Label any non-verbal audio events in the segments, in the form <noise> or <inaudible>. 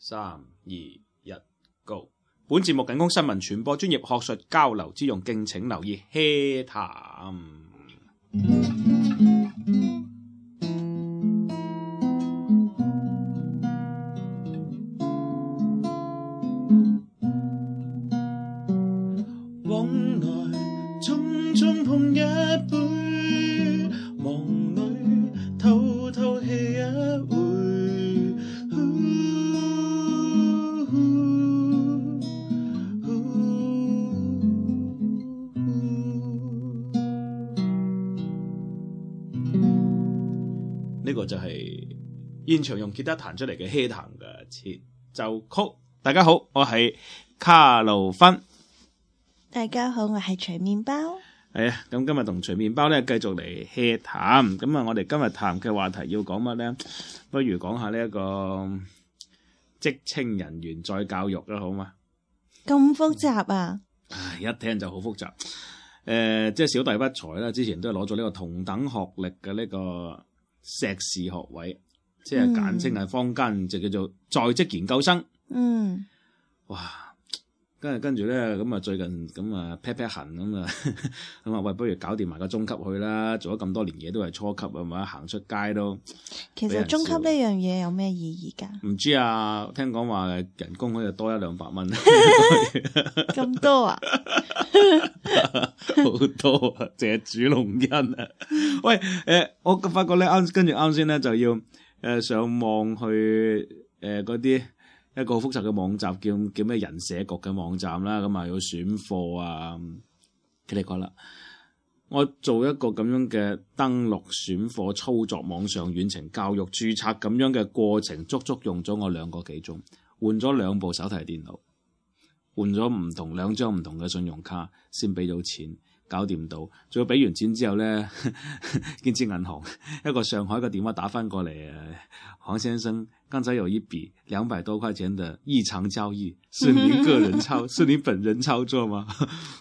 三二一，Go！本節目僅供新聞傳播、專業學術交流之用，敬請留意。HEA 談。現場用吉他彈出嚟嘅《HEA 談》嘅協奏曲。大家好，我係卡路芬。大家好，我係錘麵包。係啊、哎，咁今日同錘麵包咧，繼續嚟《HEA 談》。咁啊，我哋今日談嘅話題要講乜咧？不如講下呢、這、一個職青人員再教育啦，好嘛？咁複雜啊！唉、哎，一聽就好複雜。誒、呃，即、就、係、是、小弟不才啦，之前都係攞咗呢個同等學歷嘅呢個碩士學位。即係、啊、簡稱係坊間就叫做在職研究生。嗯，哇，跟住跟住咧，咁、嗯、啊最近咁啊劈劈痕咁啊，咁啊喂，不如搞掂埋個中級去啦，做咗咁多年嘢都係初級係嘛，行出街都。其實中級呢樣嘢有咩意義噶？唔知啊，聽講話人工可以多一兩百蚊。咁、 <laughs> <laughs> 嗯、多啊？ <laughs> <laughs> 好多啊！淨係主龍恩啊？喂，誒，我發覺咧，啱跟住啱先咧就要。誒，上網去誒，嗰、呃、啲一個好複雜嘅網站叫叫咩人社局嘅網站啦，咁啊要選課啊，佢哋講啦，我做一個咁樣嘅登錄選課操作網上遠程教育注冊咁樣嘅過程，足足用咗我兩個幾鐘，換咗兩部手提電腦，換咗唔同兩張唔同嘅信用卡先俾到錢。搞掂到，仲要俾完錢之後咧，建 <laughs> 設銀行一個上海嘅電話打翻過嚟，黃先生，剛才有一筆兩百多塊錢的異常交易，是你個人操，是你 <laughs> 本人操作嘛？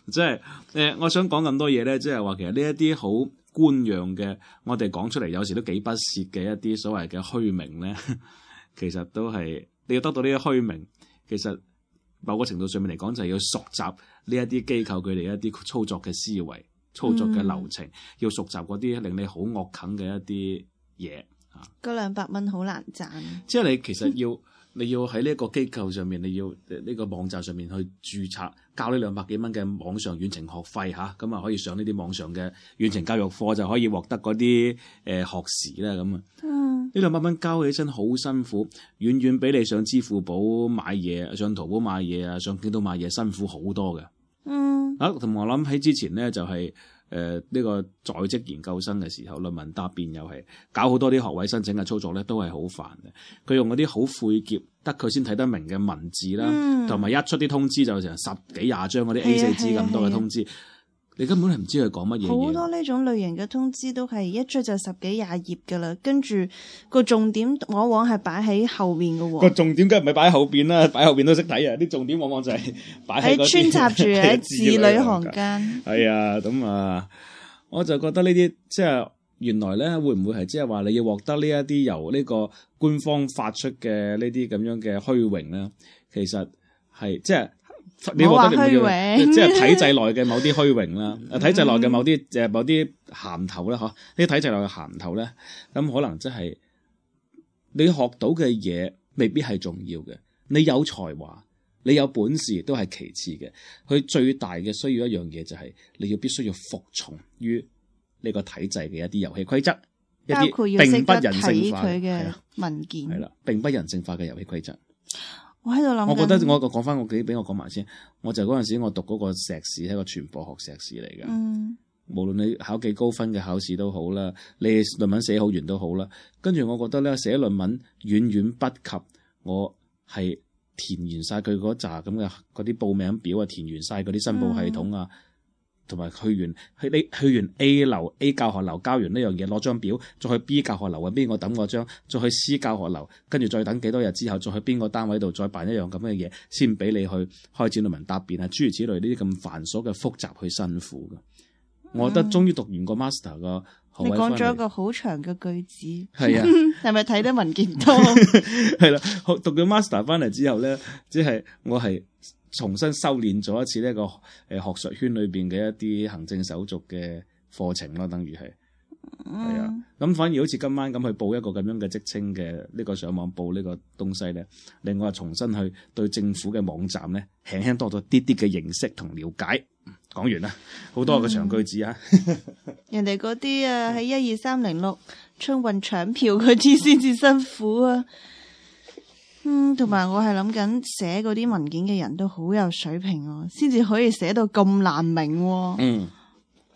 即係誒，我想講咁多嘢咧，即係話其實呢一啲好官樣嘅，我哋講出嚟有時都幾不屑嘅一啲所謂嘅虛名咧，其實都係你要得到呢個虛名，其實。某個程度上面嚟講，就係、是、要熟習呢一啲機構佢哋一啲操作嘅思維、操作嘅流程，嗯、要熟習嗰啲令你好惡啃嘅一啲嘢。吓、嗯，嗰兩百蚊好難賺。即係你其實要，你要喺呢一個機構上面，你要呢個網站上面去註冊，交呢兩百幾蚊嘅網上遠程學費吓，咁啊可以上呢啲網上嘅遠程教育課，嗯、就可以獲得嗰啲誒學時啦咁啊。.呢兩百蚊交起身好辛苦，遠遠比你上支付寶買嘢、上淘寶買嘢啊、上京都買嘢辛苦好多嘅。嗯，啊，同埋我諗起之前咧、就是，就係誒呢個在職研究生嘅時候，論文答辯又係搞好多啲學位申請嘅操作咧，都係好煩嘅。佢用嗰啲好晦澀，得佢先睇得明嘅文字啦，同埋、嗯、一出啲通知就成十幾廿張嗰啲 A 四紙咁多嘅通知。你根本係唔知佢講乜嘢。好多呢種類型嘅通知都係一出就十幾廿頁嘅啦，跟住個重點往往係擺喺後面嘅喎、哦。個重點梗唔係擺喺後邊啦？擺後邊都識睇啊！啲重點往往就係擺喺穿插住喺字裏行間。係啊、嗯，咁啊、哎，我就覺得呢啲即係原來咧，會唔會係即係話你要獲得呢一啲由呢個官方發出嘅呢啲咁樣嘅虛榮咧？其實係即係。你覺得叫即係體制內嘅某啲虛榮啦，誒，體制內嘅某啲誒某啲銜頭啦，嗬、嗯？啲體制內嘅銜頭咧，咁可能即係你學到嘅嘢未必係重要嘅，你有才華，你有本事亦都係其次嘅。佢最大嘅需要一樣嘢就係你要必須要服從於呢個體制嘅一啲遊戲規則，一啲並不人性化嘅文件，係啦、啊，並不人性化嘅遊戲規則。我喺度諗，我覺得我講翻我幾，俾我講埋先。我就嗰陣時我讀嗰個碩士係一個傳播學碩士嚟嘅，嗯、無論你考幾高分嘅考試都好啦，你論文寫好完都好啦。跟住我覺得呢，寫論文遠遠不及我係填完晒佢嗰扎咁嘅嗰啲報名表啊，填完晒嗰啲申報系統啊。嗯同埋去完去你去完 A 樓 A 教學樓交完呢樣嘢，攞張表再去 B 教學樓搵邊個等我張，再去 C 教學樓，跟住再等幾多日之後，再去邊個單位度再辦一樣咁嘅嘢，先俾你去開展論文答辯啊，諸如此類呢啲咁繁瑣嘅複雜，複雜，去辛苦嘅。我覺得終於讀完個 master 個、嗯，你講咗一個好長嘅句子，係啊，係咪睇得文件多？係啦、 <laughs> 啊，讀咗 master 返嚟之後咧，即、就、係、是、我係。重新修煉咗一次呢個誒學術圈裏邊嘅一啲行政手續嘅課程咯，等於係係啊，咁、嗯、反而好似今晚咁去報一個咁樣嘅職稱嘅呢個上網報呢個東西咧，令我又重新去對政府嘅網站咧，輕輕多咗啲啲嘅認識同了解。講完啦，好多個長句子啊！嗯、 <laughs> 人哋嗰啲啊喺一二三零六春運搶票嗰啲先至辛苦啊！嗯，同埋我係諗緊寫嗰啲文件嘅人都好有水平哦，先至可以寫到咁難明。嗯，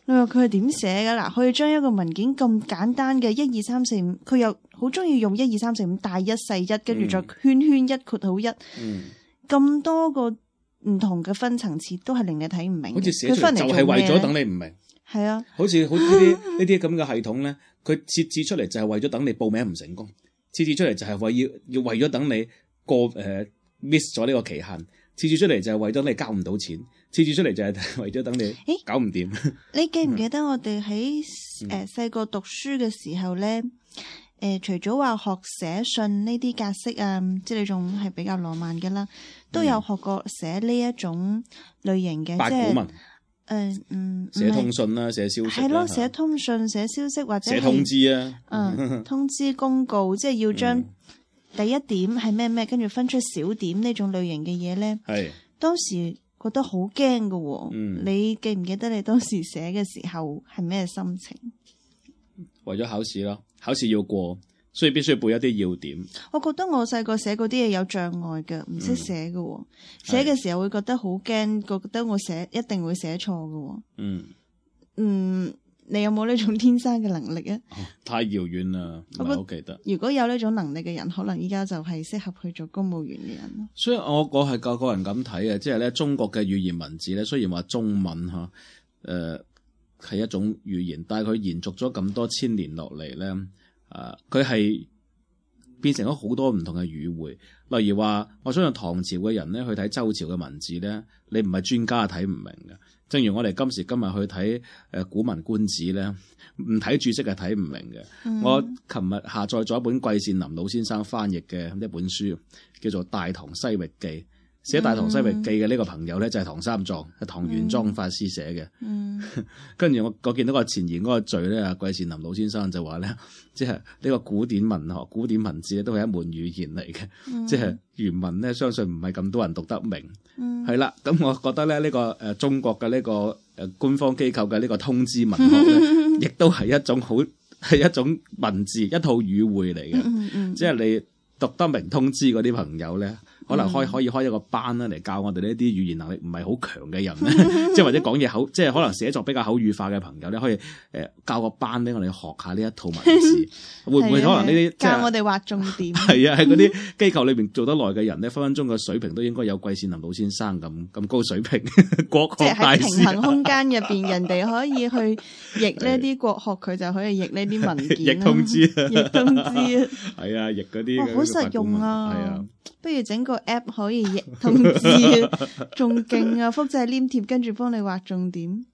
你話佢係點寫噶啦？佢，啊，將一個文件咁簡單嘅一二三四五，佢又好中意用一二三四五大一細一，1，嗯，跟住再圈圈一括號一，嗯，咁多個唔同嘅分層次都係令你睇唔明。好似寫出嚟就係為咗等你唔明。係啊，好似好呢啲呢啲咁嘅系統咧，佢設置出嚟就係為咗等你報名唔成功，設置出嚟就係為要要為咗等你。過誒 miss 咗呢個期限，次次出嚟就係為咗你交唔到錢，次次出嚟就係為咗等你誒搞唔掂、欸。你記唔記得我哋喺誒細個讀書嘅時候咧？誒、呃，除咗話學寫信呢啲格式啊，即係你仲係比較浪漫嘅啦，都有學過寫呢一種類型嘅即係誒嗯，寫通訊啦、啊，寫消息係、啊、咯，寫通訊、寫消息或者寫通知啊，嗯，通知公告，即係要將。 <laughs> 第一點係咩咩，跟住分出小點呢種類型嘅嘢呢，係當時覺得好驚嘅。嗯，你記唔記得你當時寫嘅時候係咩心情？為咗考試咯，考試要過，所以必須背一啲要點。我覺得我細個寫嗰啲嘢有障礙嘅，唔識寫嘅，嗯，寫嘅時候會覺得好驚，覺得我寫一定會寫錯嘅。嗯，嗯。你有冇呢種天生嘅能力啊，哦？太遙遠啦，唔係好記得。得如果有呢種能力嘅人，可能依家就係適合去做公務員嘅人。所以，我我係個個人咁睇嘅，即係咧中國嘅語言文字咧，雖然話中文吓，誒、呃、係一種語言，但係佢延續咗咁多千年落嚟咧，啊佢係。變成咗好多唔同嘅語匯，例如話，我想用唐朝嘅人咧去睇周朝嘅文字咧，你唔係專家睇唔明嘅。正如我哋今時今日去睇誒古文觀止咧，唔睇注釋係睇唔明嘅。嗯、我琴日下載咗一本季羨林老先生翻譯嘅一本書，叫做《大唐西域記》。寫《寫大唐西域記》嘅呢個朋友咧就係、是、唐三藏，係唐玄奘法師寫嘅。嗯， <laughs> 跟住我我見到個前言嗰個序咧，啊季善林老先生就話咧，即係呢個古典文學、古典文字咧都係一門語言嚟嘅。即、就、係、是、原文咧，相信唔係咁多人讀得明。嗯， <laughs> 係啦，咁我覺得咧呢、這個誒、呃、中國嘅呢個誒官方機構嘅呢個通知文學咧， <laughs> 亦都係一種好係一種文字一套語匯嚟嘅。即係 <laughs> <laughs> 你讀得明通知嗰啲朋友咧。可能開可以開一個班啦，嚟教我哋呢一啲語言能力唔係好強嘅人，即係或者講嘢口，即係可能寫作比較口語化嘅朋友咧，可以誒教個班俾我哋學下呢一套文字，會唔會可能呢啲教我哋畫重點？係啊，喺啲機構裏邊做得耐嘅人咧，分分鐘嘅水平都應該有季羨林老先生咁咁高水平。國學即係喺平衡空間入邊，人哋可以去譯呢啲國學，佢就可以譯呢啲文件。譯通知，譯通知，係啊，譯嗰啲好實用啊。係啊，不如整個。個 app 可以通知仲勁啊，複製黏貼跟住幫你畫重點。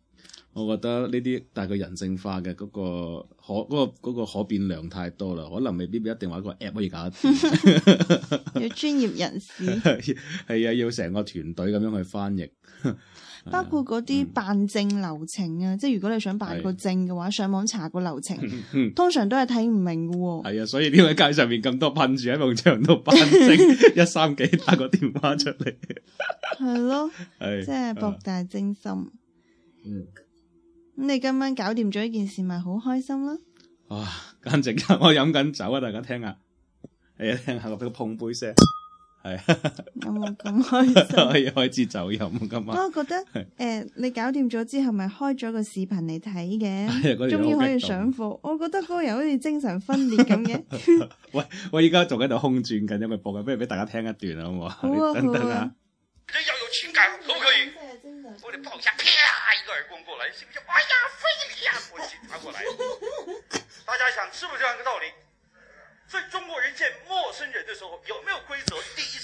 我覺得呢啲大概人性化嘅嗰、嗰個嗰個嗰個可嗰個個可變量太多啦，可能未必一定話個 app 可以搞 <laughs> <laughs> 要專業人士係 <laughs> 啊，要成個團隊咁樣去翻譯。 <laughs> 包括嗰啲辦證流程啊， <noise> 即係如果你想辦個證嘅話，是上網查個流程， <noise> 通常都係睇唔明嘅啊。係啊，所以點解街上面咁多噴住喺牆度辦證 <laughs> 一三幾打個電話出嚟，係 <laughs> 咯，即 <noise> 係 <noise> 是博大精深。嗯、啊，咁你今晚搞掂咗一件事，咪、就、好、是、開心啦 <noise> ！哇，簡直我飲緊酒啊！大家聽下，誒， <laughs> 聽下我俾個碰杯聲。係，有冇咁開心？可以開始走音啊嘛。我覺得，誒，你搞掂咗之後，咪開咗個視頻嚟睇嘅，終於可以上課。我覺得嗰個人好似精神分裂咁嘅。喂，我而家仲喺度空轉緊，因為播緊，不如俾大家聽一段啊，好唔好？好啊，好啊。真要有情感，可不可以？我的暴下，啪一個耳光過來，是不是？哎呀，非禮啊！我警察過嚟。大家想，是不是這樣一個道理？所以中國人見陌生人嘅時候，有沒有規則？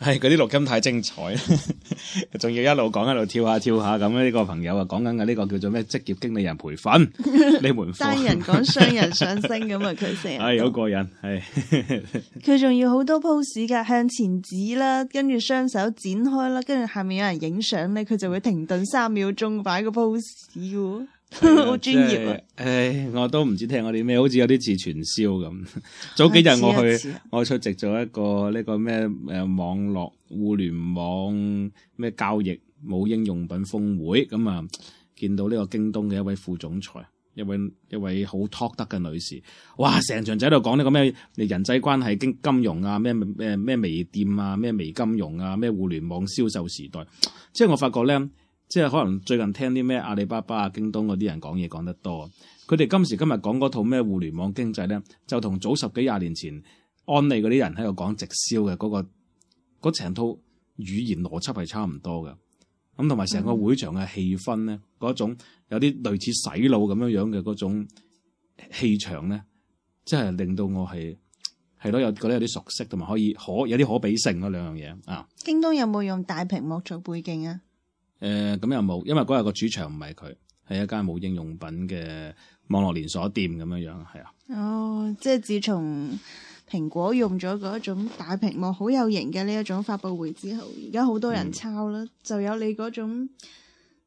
係嗰啲錄音太精彩仲 <laughs> 要一路講一路跳下跳下咁咧。呢個朋友啊，講緊嘅呢個叫做咩職業經理人培訓呢 <laughs> 門，爭 <laughs> 人講雙人上升咁啊，佢成。 <laughs> 日、哎。係好過癮，係。佢 <laughs> 仲要好多 pose 噶，向前指啦，跟住雙手展開啦，跟住下面有人影相咧，佢就會停頓三秒鐘擺個 pose 噶。好專 <laughs> 業啊！我都唔知聽我哋咩，好似有啲似傳銷咁。早幾日我去，我出席咗一個呢個咩誒網絡互聯網咩交易母嬰用品峰會，咁啊見到呢個京東嘅一位副總裁，一位一位好 talk 得嘅女士，哇！成場仔喺度講呢個咩人際關係經金融啊，咩咩咩微店啊，咩微金融啊，咩互聯網銷售時代，即係我發覺咧。即係可能最近聽啲咩阿里巴巴啊、京東嗰啲人講嘢講得多，佢哋今時今日講嗰套咩互聯網經濟咧，就同早十幾廿年前安利嗰啲人喺度講直銷嘅嗰、嗰個成套語言邏輯係差唔多嘅。咁同埋成個會場嘅氣氛咧，嗰、嗯、種有啲類似洗腦咁樣樣嘅嗰種氣場咧，即係令到我係係咯有覺得有啲熟悉，同埋可以可有啲可比性咯兩樣嘢啊。京東有冇用大屏幕做背景啊？誒咁、呃、又冇，因為嗰日個主場唔係佢，係一間母嬰用品嘅網絡連鎖店咁樣樣，係啊。哦，即係自從蘋果用咗嗰一種大屏幕好有型嘅呢一種發布會之後，而家好多人抄啦，嗯、就有你嗰種。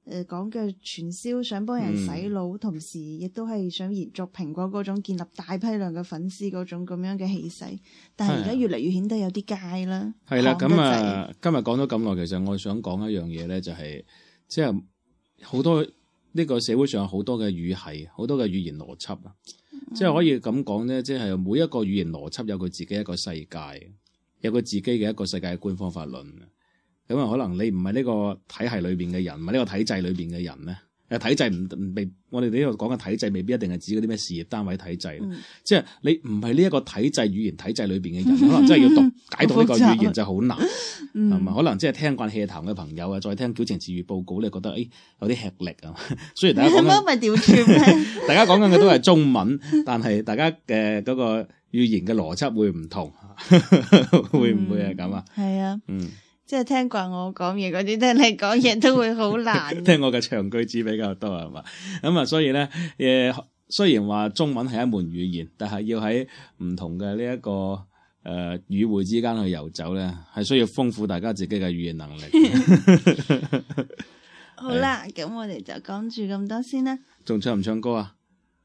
誒，講嘅、呃、傳銷想幫人洗腦，嗯、同時亦都係想延續蘋果嗰種建立大批量嘅粉絲嗰種咁樣嘅氣勢，但係而家越嚟越顯得有啲街啦。係啦、哎呀，咁啊，今日講咗咁耐，其實我想講一樣嘢咧，就係即係好多呢、這個社會上有好多嘅語系，好多嘅語言邏輯啊，即係、嗯、可以咁講咧，即、就、係、是、每一個語言邏輯有佢自己一個世界，有佢自己嘅一個世界觀方法論。咁啊，可能你唔係呢個體系裏邊嘅人，唔係呢個體制裏邊嘅人咧。誒，體制唔唔未，我哋呢度講嘅體制未必一定係指嗰啲咩事業單位體制。嗯、即係你唔係呢一個體制語言體制裏邊嘅人，可能真係要讀解讀呢個語言就好難，係咪、嗯？可能即係聽慣 HEA 談嘅朋友啊，再聽矯情治癒報告咧，你覺得誒、哎、有啲吃力啊、嗯。雖然大家咁樣咪掉大家講緊嘅都係中文， <laughs> 但係大家嘅嗰個語言嘅邏輯會唔同， <laughs> 會唔會係咁啊？係啊，嗯。 <laughs> 嗯即係聽慣我講嘢，嗰啲聽你講嘢都會好難。 <laughs> 聽我嘅長句子比較多係嘛，咁啊，所以咧，誒、呃，雖然話中文係一門語言，但係要喺唔同嘅、這個呃、呢一個誒語彙之間去遊走咧，係需要豐富大家自己嘅語言能力。好啦，咁我哋就講住咁多先啦。仲唱唔唱歌啊？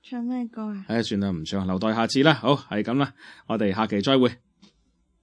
唱咩歌啊？唉、哎，算啦，唔唱，留待下次啦。好，係咁啦，我哋下期再會。